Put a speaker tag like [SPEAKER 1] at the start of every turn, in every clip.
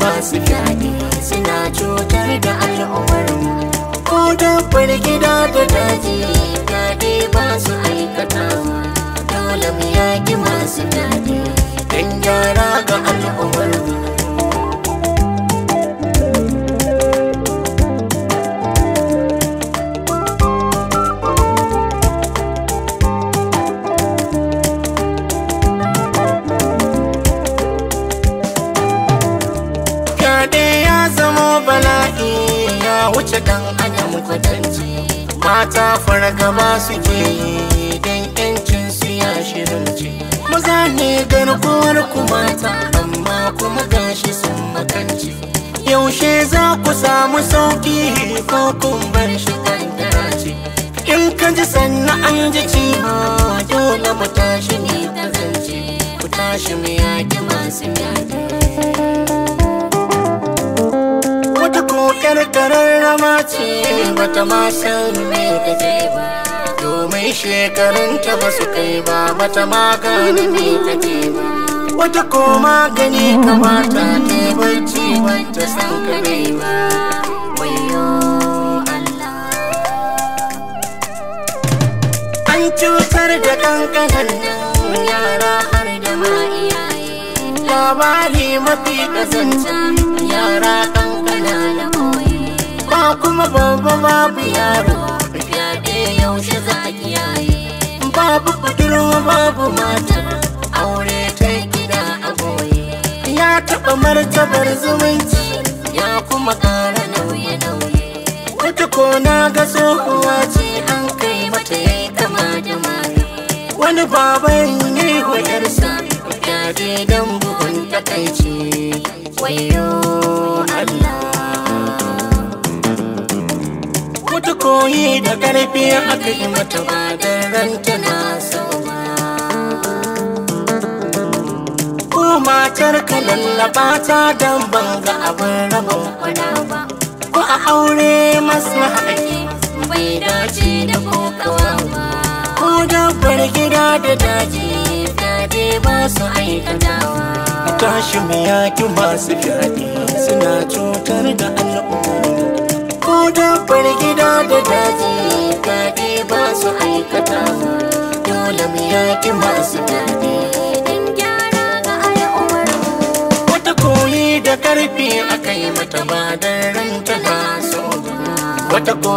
[SPEAKER 1] masu fyaɗe suna cutar da al'ummarmu ko dabbar gida da daji fyaɗe ba aikata dole mu yaƙi masu fyaɗe kira ga ya wuce dan adam kwatanci mata fargaba suke yi don yancin su ya shirin maza ne garkuwar ku mata amma kuma gashi sun makanci yaushe za ku samu sauki ko kun bar shi ce in ka ji sannan an ji ma, dole mu tashi ne ta zance ku tashi mu yaki masu yaki wata ko karkarar rama ce bata ma san me da ba ai shekarunta ba su kai ba mata magani ne kake ba wata ko magani kamata ta bacci wata san ka ba wayo Allah an cutar da kankanan nan yara har da ma iyaye labari mafi kasance yara kankana na ba kuma babu babu yaro fyaɗe yaushe za babu budurwa babu mata aure ta gida a goye ya taɓa martabar zumunci ya kuma ƙara nauye-nauye wata kona ga tsohuwa ce an kai mata ya yi kama da maye wani baban ne wa yarsa ya dan buhun takaici wayo Allah koyi da karfi aka yi mata ba da ranta na ba ko matar ka lallaba ta dan banga abin rabon kwana ba ko a aure masu maslaha bai dace da ko kawa ba ko bar gida da daji daji ba su aikatawa tashi mu yaki masu fyaɗe suna cutar da al'umma ko da daji daɗi ba su aikata dole mu yaƙi masu daɗi don gyara ga wata koyi da karfi aka yi mata ba da ranta na so wata ko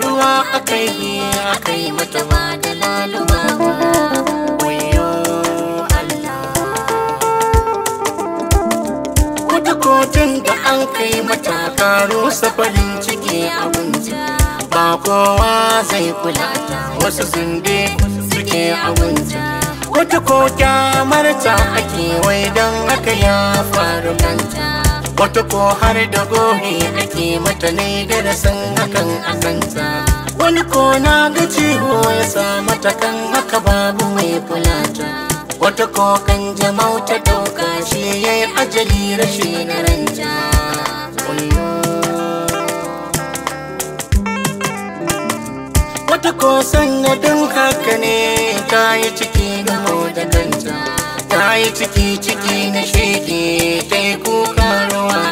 [SPEAKER 1] ruwa aka yi aka yi mata ba da laluma Wata kotun da an kai mata karo safarin ciki abu kowa zai kula wasu zunde suke abunta wata ko kyamarta ake wai don haka ya faru kanta wata ko har da gobe ake mata ne da rasan hakan wani ko na ga ciwo ya sa mata kan haka babu mai ta wata ko kan jama'u ta dauka shi yi ajali rashin ranta wata ko sannadin haka ne ta yi ciki gamo da kanta ta yi ciki ciki na shege ta yi kuka ruwa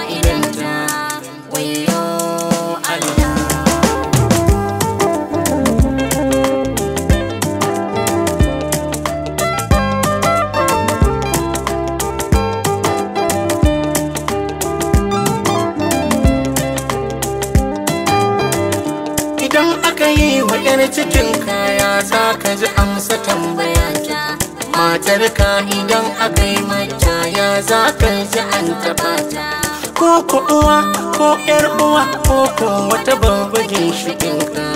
[SPEAKER 1] ka yi wa cikin kaya za ka ji amsa tambaya ta matar ka idan aka yi mata ya za ka ji an taba ta ko ku uwa ko ƴar uwa ko ko wata babba ginshikin ka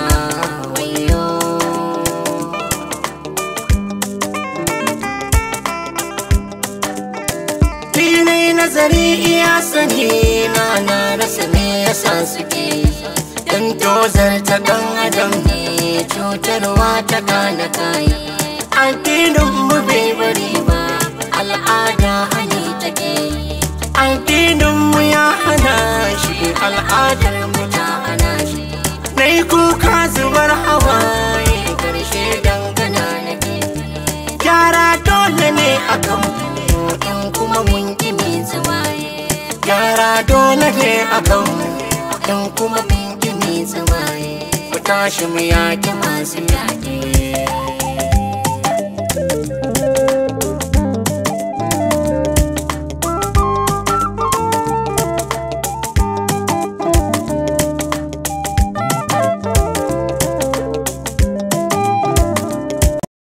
[SPEAKER 1] nazari iya sani na na rasa me yasa suke to ta dan adam cutarwa ta kana kayi addinin mu bai bari ba al'ada hali take addinin mu ya hana shi al'adar mu ta hana shi nai kuka zubar hawa karshe dangana nake gyara dole ne akan mu in kuma mun gini zuwaye gyara dole ne akan mu in kuma mun tsumaye ku tashi mu yaki masu yaki